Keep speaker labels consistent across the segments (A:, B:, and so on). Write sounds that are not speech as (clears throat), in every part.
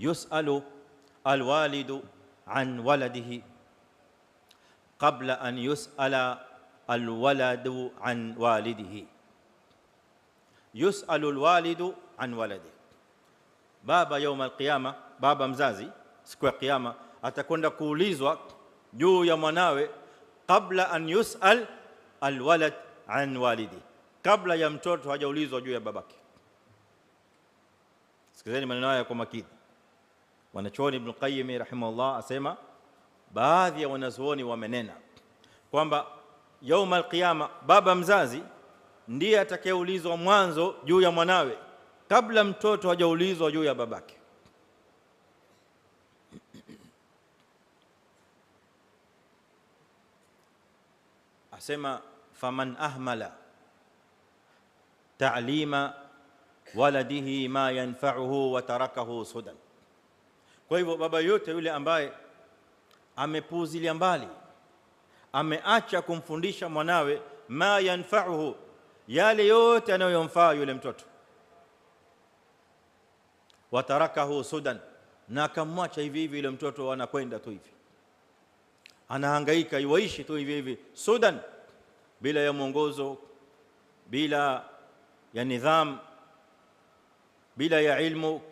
A: يسأل الوالد عن ولده قبل أن يسأل الولد عن والده يسأل الوالد عن ولده بابا يوم القيامة بابا مزازي سكوى قيامة أتكون كوليز وقت جو يوم ناوي قبل أن يسأل الولد عن والده قبل يمتورت وجوليز وجو يا باباك سكزيني من نوايا كما كيد wanachuoni Ibn Qayyim rahimahullah asema baadhi ya wanazuoni wamenena kwamba yauma alqiyama baba mzazi ndiye atakayeulizwa mwanzo juu ya mwanawe kabla mtoto hajaulizwa juu ya babake. (clears throat) Asema faman ahmala ta'lima waladihi ma yanfa'uhu wa tarakahu sudan kwa hivyo baba yote yule ambaye amepuuzilia mbali, ameacha kumfundisha mwanawe ma yanfa'uhu, yale yote anayomfaa yule mtoto, watarakahu sudan, na akamwacha hivi hivi yule mtoto, anakwenda tu hivi, anahangaika iwaishi tu hivi hivi sudan, bila ya mwongozo, bila ya nidhamu, bila ya ilmu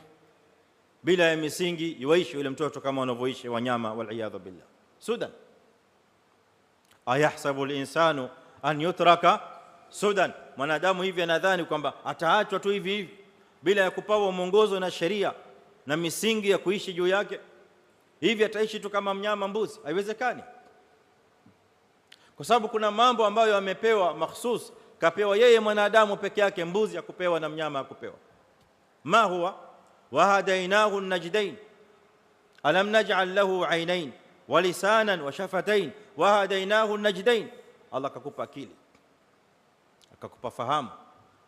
A: bila ya misingi yuishi yule mtoto kama wanavyoishi wanyama waliyadhu billah sudan ayahsabu linsanu an yutraka sudan mwanadamu hivi anadhani kwamba ataachwa tu hivi hivi bila ya kupawa mwongozo na sheria na misingi ya kuishi juu yake hivi ataishi tu kama mnyama mbuzi haiwezekani kwa sababu kuna mambo ambayo amepewa makhsus kapewa yeye mwanadamu peke yake mbuzi akupewa na mnyama akupewa ma huwa وهديناه النجدين ألم نجعل له عينين ولسانا وشفتين وهديناه النجدين الله ككوبا كيلي ككوبا فهم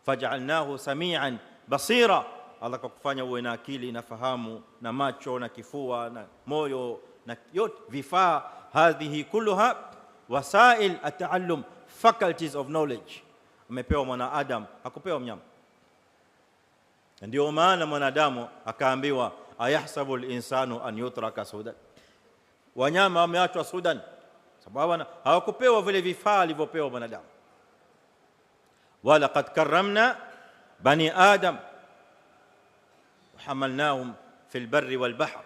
A: فجعلناه سميعا بصيرا الله ككفانا وين أكيلي نفهام نماتشو نكفوا نمويو نكيوت فيفا هذه كلها وسائل التعلم faculties of knowledge amepewa mwana adam hakupewa mnyama Ndio maana mwanadamu akaambiwa ayahsabu al an yutraka sudan. Wanyama wameachwa sudan sababu hawakupewa vile vifaa alivyopewa mwanadamu. Wala qad karramna bani adam وحملناهم في البر والبحر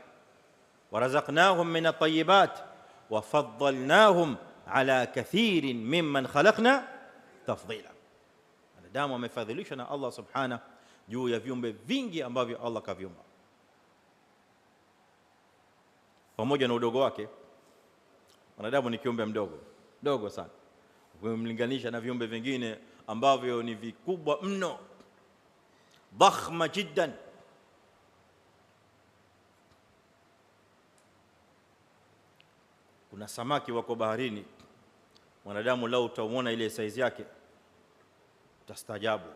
A: ورزقناهم من الطيبات وفضلناهم على كثير ممن خلقنا تفضيلا. Mwanadamu amefadhilishwa na Allah subhanahu juu ya viumbe vingi ambavyo Allah kaviumba. Pamoja na udogo wake, mwanadamu ni kiumbe mdogo dogo sana ukimlinganisha na viumbe vingine ambavyo ni vikubwa mno, dhakhma jiddan. Kuna samaki wako baharini, mwanadamu lau utamwona ile saizi yake utastajabu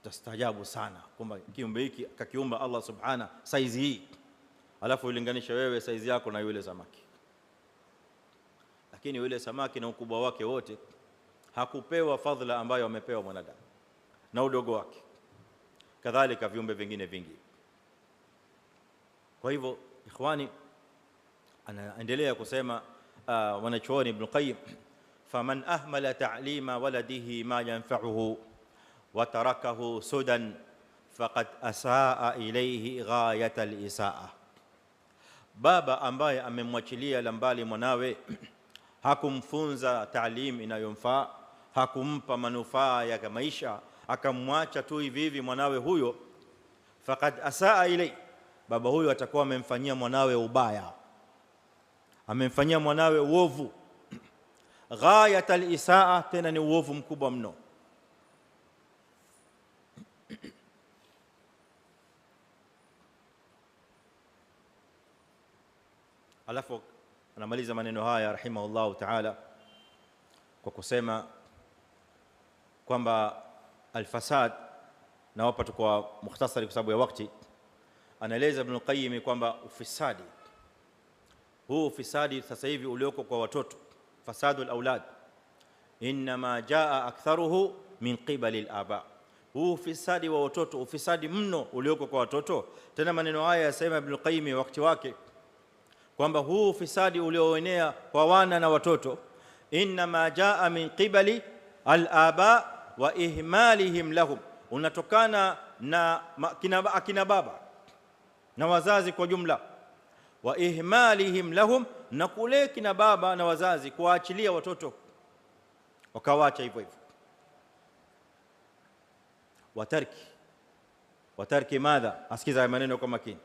A: utastajabu sana kwamba kiumbe hiki kakiumba Allah subhana saizi hii, alafu ulinganisha wewe saizi yako na yule samaki. Lakini yule samaki na ukubwa wake wote hakupewa fadhila ambayo amepewa mwanadamu na udogo wake, kadhalika viumbe vingine vingi. Kwa hivyo, ikhwani, anaendelea kusema uh, wanachuoni Ibn Qayyim, faman ahmala ta'lima waladihi ma yanfa'uhu watarakahu sudan faqad asaa ilayhi ghayat lisaa. Baba ambaye amemwachilia la mbali mwanawe (clears throat) hakumfunza taalim inayomfaa, hakumpa manufaa ya maisha, akamwacha tu hivi hivi mwanawe huyo, faqad asaa ilaihi, baba huyo atakuwa amemfanyia mwanawe ubaya, amemfanyia mwanawe uovu (clears throat) ghayata lisaa, tena ni uovu mkubwa mno alafu anamaliza maneno haya rahimahullahu taala kwa kusema kwamba alfasad, nawapatu kwa mukhtasari kwa sababu ya wakti anaeleza Ibn Qayyim kwamba ufisadi huu, ufisadi sasa hivi ulioko kwa watoto, fasadu al-aulad, inma jaa aktharuhu min qibali al-aba, huu ufisadi wa watoto, ufisadi mno ulioko kwa watoto. Tena maneno haya yasema Ibn Qayyim wakati wake kwamba huu ufisadi ulioenea kwa wana na watoto innama jaa min qibali alaba wa ihmalihim lahum, unatokana na akina, akina baba na wazazi kwa jumla, wa ihmalihim lahum, na kule kina baba na wazazi kuwaachilia watoto wakawacha hivyo hivyo, watarki watarki madha, askiza maneno kwa makini,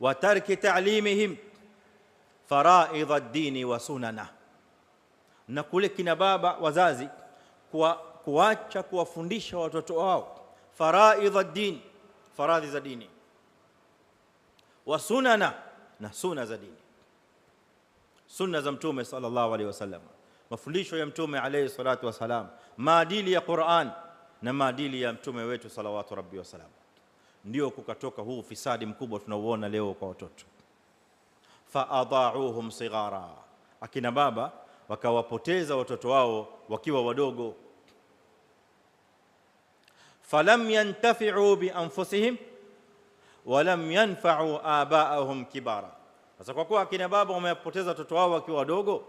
A: watarki ta'limihim faraidha dini wa sunana, na kule kina baba wazazi kuwa, kuacha kuwafundisha watoto wao faraidha dini, faradhi za dini wa sunana, na suna za dini, sunna za Mtume sallallahu alaihi wasallam, mafundisho ya Mtume alaihi salatu wasalam, maadili ya Qur'an na maadili ya Mtume wetu salawatu rabbi wasalam. Ndio kukatoka huu fisadi mkubwa tunauona leo kwa watoto. faadauhum sighara, akina baba wakawapoteza watoto wao wakiwa wadogo. falam yantafi'u bi anfusihim walam yanfa'u abaahum kibara. Sasa kwa kuwa akina baba wamewapoteza watoto wao wakiwa wadogo,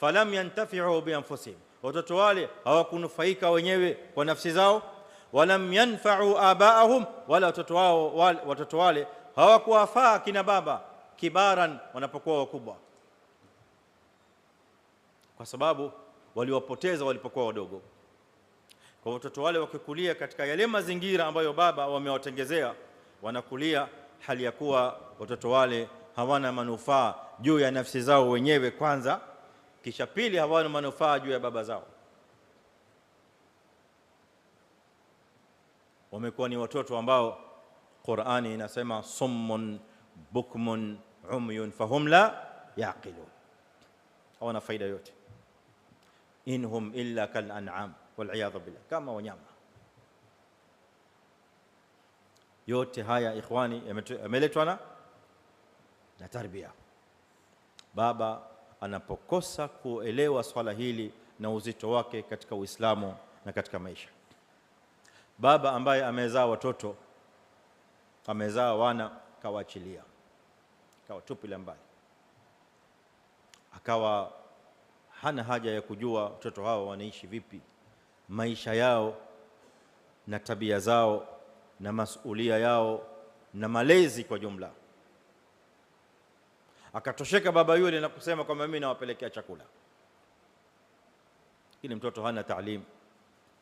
A: falam yantafi'u bi anfusihim, watoto wale hawakunufaika wenyewe kwa nafsi zao, walam yanfa'u abaahum, wala watoto wao watoto wale hawakuwafaa akina baba kibaran, wanapokuwa wakubwa, kwa sababu waliwapoteza walipokuwa wadogo. Kwa watoto wale wakikulia katika yale mazingira ambayo baba wamewatengezea, wanakulia hali ya kuwa watoto wale hawana manufaa juu ya nafsi zao wenyewe kwanza, kisha pili, hawana manufaa juu ya baba zao. Wamekuwa ni watoto ambao Qur'ani inasema summun bukmun umyun fahum la yaqilun, hawana faida yote. Inhum illa kal an'am wal iyadhu billah, kama wanyama. Yote haya ikhwani, yameletwa na na tarbia. Baba anapokosa kuelewa swala hili na uzito wake katika Uislamu na katika maisha, baba ambaye amezaa watoto amezaa wana kawaachilia akawatupilia mbali, akawa hana haja ya kujua watoto hao wanaishi vipi maisha yao na tabia zao na masulia yao na malezi kwa jumla. Akatosheka baba yule na kusema kwamba mimi nawapelekea chakula, lakini mtoto hana taalim,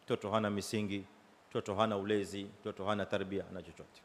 A: mtoto hana misingi, mtoto hana ulezi, mtoto hana tarbia na chochote.